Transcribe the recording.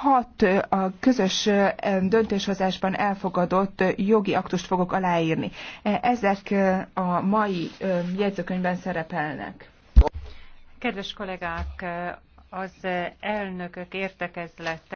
hat a közös döntéshozásban elfogadott jogi aktust fogok aláírni. E, ezek a mai jegyzőkönyvben szerepelnek. Kedves kollégák, az elnökök értekezlete